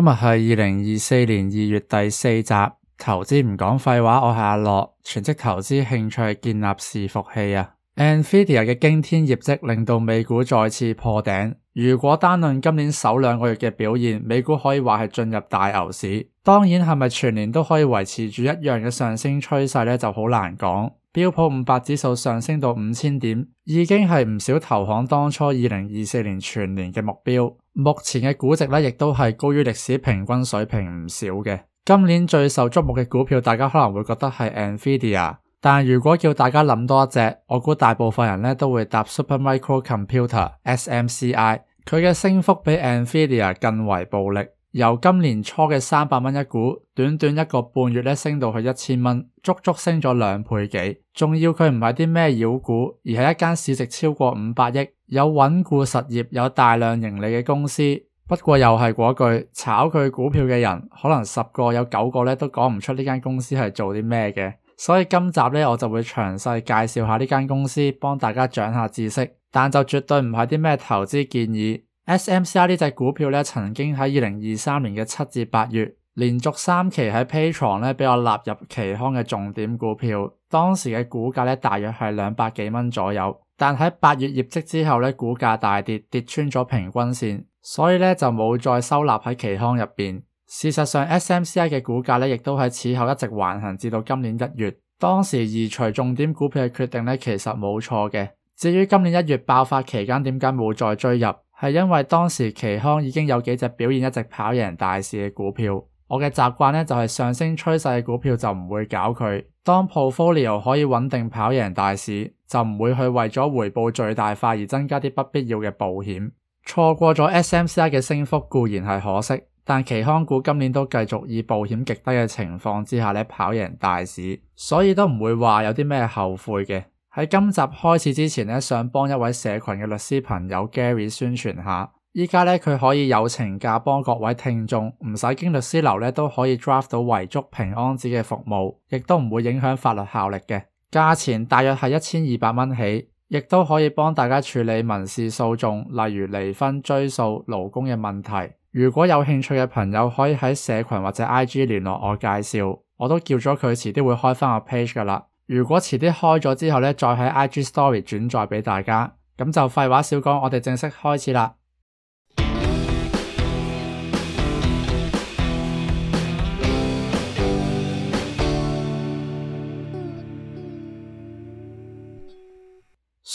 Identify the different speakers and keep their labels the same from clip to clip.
Speaker 1: 今日係二零二四年二月第四集，投資唔講廢話，我係阿樂，全職投資興趣建立伺服器啊。NVIDIA 嘅驚天業績令到美股再次破頂，如果單論今年首兩個月嘅表現，美股可以話係進入大牛市。當然係咪全年都可以維持住一樣嘅上升趨勢咧，就好難講。標普五百指數上升到五千點，已經係唔少投行當初二零二四年全年嘅目標。目前嘅估值呢，亦都係高於歷史平均水平唔少嘅。今年最受矚目嘅股票，大家可能會覺得係 NVIDIA，但如果叫大家諗多一隻，我估大部分人呢都會答 Super Micro Computer（SMCI）。佢嘅升幅比 NVIDIA 更為暴力。由今年初嘅三百蚊一股，短短一個半月咧升到去一千蚊，足足升咗兩倍幾。仲要佢唔係啲咩妖股，而係一間市值超過五百億、有穩固實業、有大量盈利嘅公司。不過又係嗰句，炒佢股票嘅人可能十個有九個咧都講唔出呢間公司係做啲咩嘅。所以今集咧我就會詳細介紹下呢間公司，幫大家掌握下知識。但就絕對唔係啲咩投資建議。S M C I 呢隻股票咧，曾經喺二零二三年嘅七至八月連續三期喺 Patreon 咧俾我納入期刊嘅重點股票，當時嘅股價咧大約係兩百幾蚊左右。但喺八月業績之後咧，股價大跌，跌穿咗平均線，所以咧就冇再收納喺期刊入邊。事實上，S M C I 嘅股價咧亦都喺此後一直橫行，至到今年一月。當時移除重點股票嘅決定咧其實冇錯嘅。至於今年一月爆發期間點解冇再追入？係因為當時期刊已經有幾隻表現一直跑贏大市嘅股票，我嘅習慣呢，就係上升趨勢嘅股票就唔會搞佢。當 portfolio 可以穩定跑贏大市，就唔會去為咗回報最大化而增加啲不必要嘅風險。錯過咗 SMCI 嘅升幅固然係可惜，但期刊股今年都繼續以風險極低嘅情況之下呢，跑贏大市，所以都唔會話有啲咩後悔嘅。喺今集開始之前咧，想幫一位社群嘅律師朋友 Gary 宣傳下。依家呢，佢可以友情價幫各位聽眾唔使經律師樓都可以 draft 到遺囑、平安紙嘅服務，亦都唔會影響法律效力嘅。價錢大約係一千二百蚊起，亦都可以幫大家處理民事訴訟，例如離婚、追訴勞工嘅問題。如果有興趣嘅朋友可以喺社群或者 IG 聯絡我介紹，我都叫咗佢遲啲會開翻個 page 噶啦。如果遲啲開咗之後咧，再喺 IG Story 轉載畀大家，咁就廢話少講，我哋正式開始啦。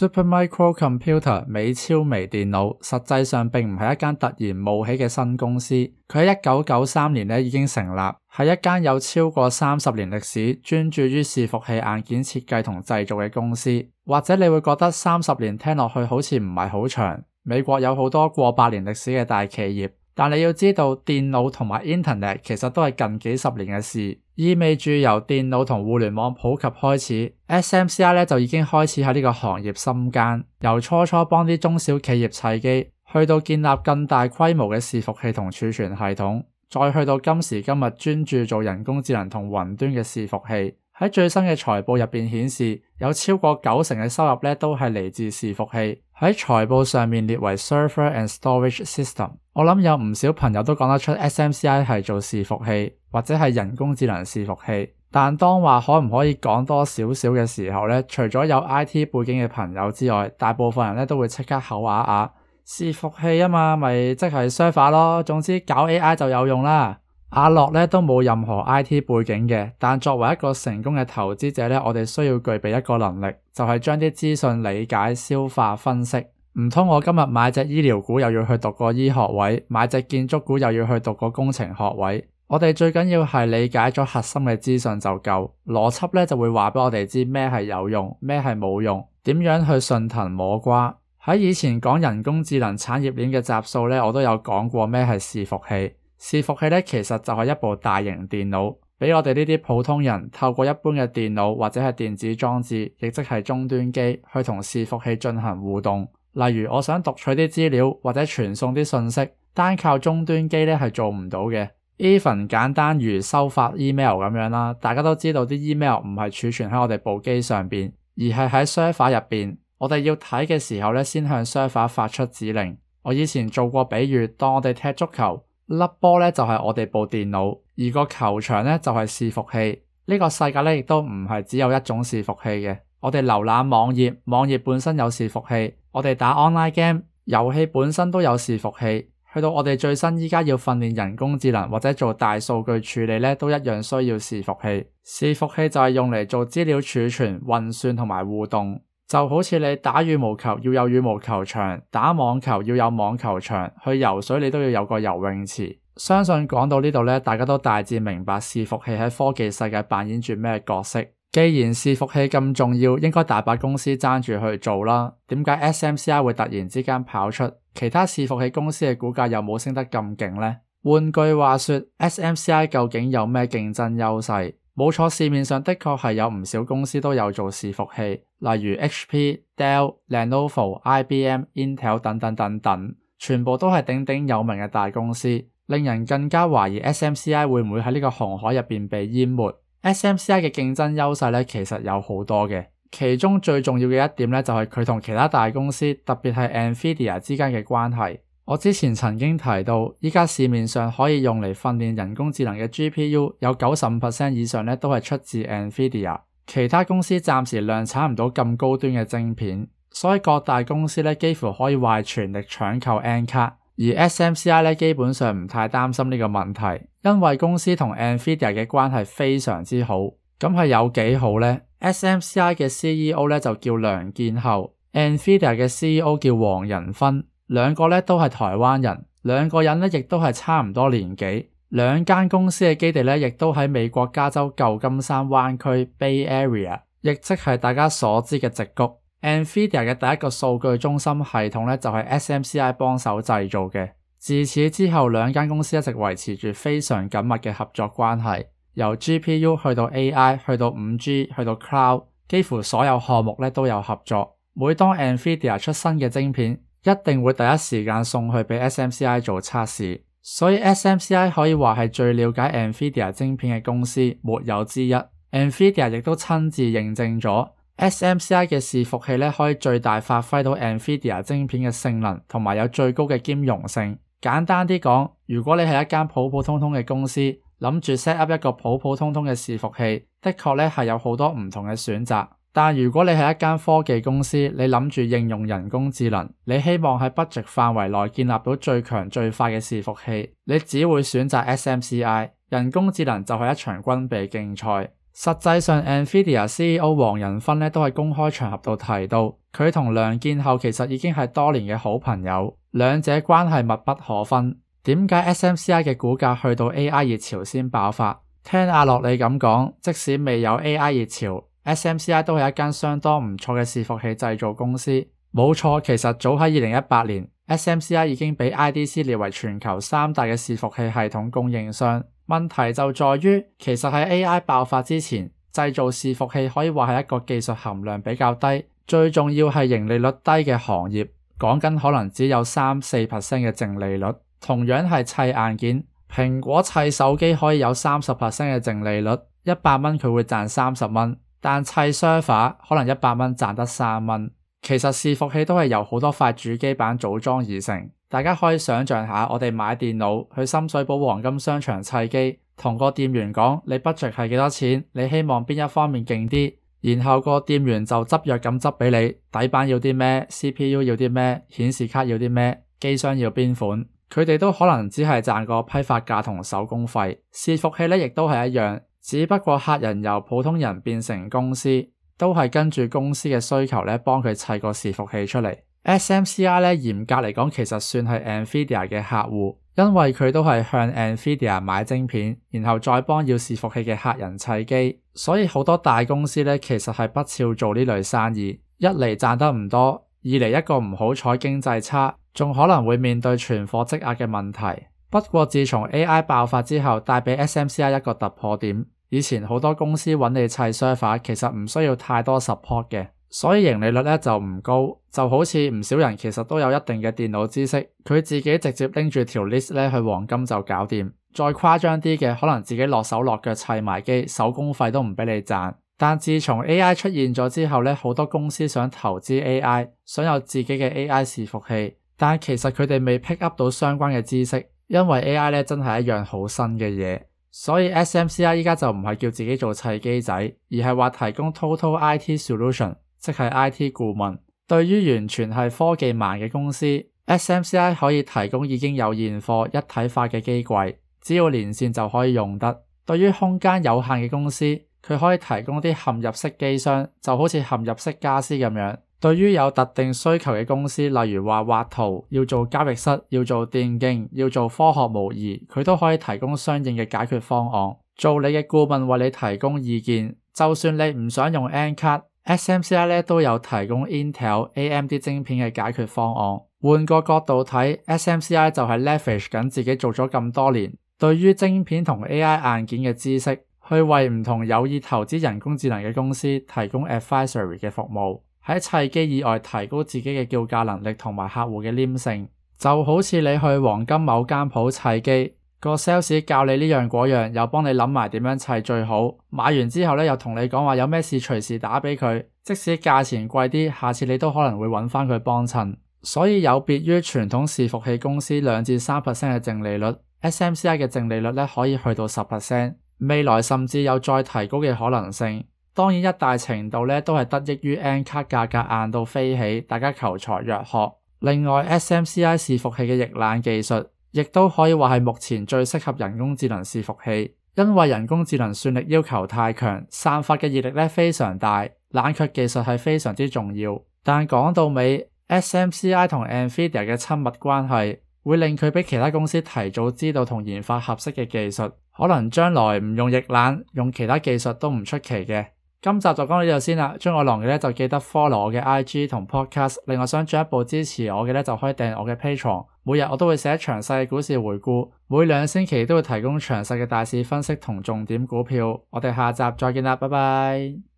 Speaker 1: Super Micro Computer 美超微電腦，實際上並唔係一間突然冒起嘅新公司。佢喺一九九三年呢已經成立，係一間有超過三十年歷史，專注於伺服器硬件設計同製造嘅公司。或者你會覺得三十年聽落去好似唔係好長。美國有好多過百年歷史嘅大企業。但你要知道，電腦同埋 Internet 其實都係近幾十年嘅事，意味住由電腦同互聯網普及開始，SMCI 呢就已經開始喺呢個行業深耕，由初初幫啲中小企業砌機，去到建立更大規模嘅伺服器同儲存系統，再去到今時今日專注做人工智能同雲端嘅伺服器。喺最新嘅財報入面顯示，有超過九成嘅收入咧都係嚟自伺服器，喺財報上面列為 Server and Storage System。我諗有唔少朋友都講得出 SMCI 係做伺服器或者係人工智能伺服器，但當話可唔可以講多少少嘅時候咧，除咗有 IT 背景嘅朋友之外，大部分人咧都會即刻口啞啞，伺服器啊嘛，咪即係 server 咯，總之搞 AI 就有用啦。阿樂咧都冇任何 IT 背景嘅，但作為一個成功嘅投資者咧，我哋需要具備一個能力，就係、是、將啲資訊理解、消化、分析。唔通我今日買隻醫療股又要去讀個醫學位，買隻建築股又要去讀個工程學位？我哋最緊要係理解咗核心嘅資訊就夠，邏輯呢就會話俾我哋知咩係有用，咩係冇用，點樣去順藤摸瓜。喺以前講人工智能產業鏈嘅集數呢，我都有講過咩係伺服器。伺服器咧，其實就係一部大型電腦，俾我哋呢啲普通人透過一般嘅電腦或者係電子裝置，亦即係終端機去同伺服器進行互動。例如，我想讀取啲資料或者傳送啲訊息，單靠終端機咧，係做唔到嘅。even 簡單如收發 email 咁樣啦，大家都知道啲 email 唔係儲存喺我哋部機上邊，而係喺 server 入邊。我哋要睇嘅時候咧，先向 server 發出指令。我以前做過比喻，當我哋踢足球。粒波呢就係我哋部電腦，而個球場呢就係伺服器。呢個世界呢亦都唔係只有一種伺服器嘅。我哋瀏覽網頁，網頁本身有伺服器；我哋打 online game，遊戲本身都有伺服器。去到我哋最新依家要訓練人工智能或者做大數據處理呢，都一樣需要伺服器。伺服器就係用嚟做資料儲存、運算同埋互動。就好似你打羽毛球要有羽毛球場，打網球要有網球場，去游水你都要有個游泳池。相信講到呢度呢，大家都大致明白伺服器喺科技世界扮演住咩角色。既然伺服器咁重要，應該大把公司爭住去做啦。點解 SMCI 會突然之間跑出？其他伺服器公司嘅股價又冇升得咁勁呢？換句話說，SMCI 究竟有咩競爭優勢？冇錯，市面上的確係有唔少公司都有做伺服器，例如 HP、Dell、Lenovo、IBM、Intel 等等等等，全部都係鼎鼎有名嘅大公司，令人更加懷疑 SMCI 會唔會喺呢個紅海入面被淹沒。SMCI 嘅競爭優勢呢，其實有好多嘅，其中最重要嘅一點呢，就係佢同其他大公司，特別係 Nvidia 之間嘅關係。我之前曾經提到，依家市面上可以用嚟訓練人工智能嘅 GPU 有九十五 percent 以上都係出自 NVIDIA。其他公司暫時量產唔到咁高端嘅晶片，所以各大公司咧幾乎可以話全力搶購 N 卡。Card, 而 SMCI 咧基本上唔太擔心呢個問題，因為公司同 NVIDIA 嘅關係非常之好。咁係有幾好呢？SMCI 嘅 CEO 咧就叫梁建後，NVIDIA 嘅 CEO 叫黃仁勳。兩個咧都係台灣人，兩個人咧亦都係差唔多年紀，兩間公司嘅基地咧亦都喺美國加州舊金山灣區 Bay Area，亦即係大家所知嘅矽谷。Nvidia 嘅第一個數據中心系統咧就係 SMCI 幫手製造嘅。自此之後，兩間公司一直維持住非常緊密嘅合作關係，由 GPU 去到 AI，去到五 G，去到 Cloud，幾乎所有項目咧都有合作。每當 Nvidia 出新嘅晶片，一定會第一時間送去俾 SMCI 做測試，所以 SMCI 可以話係最了解 NVIDIA 晶片嘅公司，沒有之一。NVIDIA 亦都親自認證咗，SMCI 嘅伺服器呢可以最大發揮到 NVIDIA 晶片嘅性能，同埋有最高嘅兼容性。簡單啲講，如果你係一間普普通通嘅公司，諗住 set up 一個普普通通嘅伺服器，的確呢係有好多唔同嘅選擇。但如果你係一間科技公司，你諗住應用人工智能，你希望喺 budget 範圍內建立到最強最快嘅伺服器，你只會選擇 SMCI。人工智能就係一場軍備競賽。實際上，NVIDIA CEO 黃仁勳都喺公開場合度提到，佢同梁建後其實已經係多年嘅好朋友，兩者關係密不可分。點解 SMCI 嘅股價去到 AI 熱潮先爆發？聽阿樂你咁講，即使未有 AI 熱潮。S.M.C.I 都係一間相當唔錯嘅伺服器製造公司，冇錯。其實早喺二零一八年，S.M.C.I 已經被 I.D.C 列為全球三大嘅伺服器系統供應商。問題就在於，其實喺 A.I 爆發之前，製造伺服器可以話係一個技術含量比較低，最重要係盈利率低嘅行業。講緊可能只有三四 percent 嘅淨利率。同樣係砌硬件，蘋果砌手機可以有三十 percent 嘅淨利率，一百蚊佢會賺三十蚊。但砌 server 可能一百蚊賺得三蚊，其實伺服器都係由好多塊主機板組裝而成。大家可以想象下，我哋買電腦去深水埗黃金商場砌機，同個店員講你 budget 係幾多錢，你希望邊一方面勁啲，然後個店員就執約咁執俾你，底板要啲咩，CPU 要啲咩，顯示卡要啲咩，機箱要邊款，佢哋都可能只係賺個批發價同手工費。伺服器呢亦都係一樣。只不過客人由普通人變成公司，都係跟住公司嘅需求咧，幫佢砌個伺服器出嚟。S M C I 咧嚴格嚟講，其實算係 Nvidia 嘅客戶，因為佢都係向 Nvidia 買晶片，然後再幫要伺服器嘅客人砌機。所以好多大公司咧，其實係不屑做呢類生意，一嚟賺得唔多，二嚟一個唔好彩經濟差，仲可能會面對存貨積壓嘅問題。不過，自從 A I 爆發之後，帶俾 S M C I 一個突破點。以前好多公司揾你砌 s e 其實唔需要太多 support 嘅，所以盈利率咧就唔高。就好似唔少人其實都有一定嘅電腦知識，佢自己直接拎住條 list 咧去黃金就搞掂。再誇張啲嘅，可能自己落手落腳砌埋機，手工費都唔俾你賺。但自從 AI 出現咗之後呢，好多公司想投資 AI，想有自己嘅 AI 伺服器，但其實佢哋未 pick up 到相關嘅知識，因為 AI 咧真係一樣好新嘅嘢。所以 SMCI 依家就唔係叫自己做砌機仔，而係話提供 Total IT Solution，即係 IT 顧問。對於完全係科技盲嘅公司，SMCI 可以提供已經有現貨一體化嘅機櫃，只要連線就可以用得。對於空間有限嘅公司，佢可以提供啲嵌入式機箱，就好似嵌入式家私咁樣。對於有特定需求嘅公司，例如話畫圖要做交易室，要做電競，要做科學模擬，佢都可以提供相應嘅解決方案，做你嘅顧問，為你提供意見。就算你唔想用 N 卡，SMCI 都有提供 Intel、AMD 晶片嘅解決方案。換個角度睇，SMCI 就係 leverage 緊自己做咗咁多年對於晶片同 AI 硬件嘅知識，去為唔同有意投資人工智能嘅公司提供 advisory 嘅服務。喺砌機以外，提高自己嘅叫價能力同埋客戶嘅黏性，就好似你去黃金某間鋪砌機，個 sales 教你呢樣嗰樣，又幫你諗埋點樣砌最好。買完之後呢，又同你講話有咩事隨時打俾佢。即使價錢貴啲，下次你都可能會揾翻佢幫襯。所以有別於傳統伺服器公司兩至三 percent 嘅淨利率，SMCI 嘅淨利率呢，可以去到十 percent，未來甚至有再提高嘅可能性。當然一大程度咧，都係得益於 N 卡價格硬到飛起，大家求財若渴。另外，SMCI 伺服器嘅液冷技術，亦都可以話係目前最適合人工智能伺服器，因為人工智能算力要求太強，散發嘅熱力非常大，冷卻技術係非常之重要。但講到尾，SMCI 同 NVIDIA 嘅親密關係，會令佢比其他公司提早知道同研發合適嘅技術，可能將來唔用液冷，用其他技術都唔出奇嘅。今集就講到呢度先啦。鍾意我嘅咧就記得 follow 我嘅 IG 同 podcast。另外想進一步支持我嘅咧就可以訂閱我嘅 Patreon。每日我都會寫詳細股市回顧，每兩星期都會提供詳細嘅大市分析同重點股票。我哋下集再見啦，拜拜。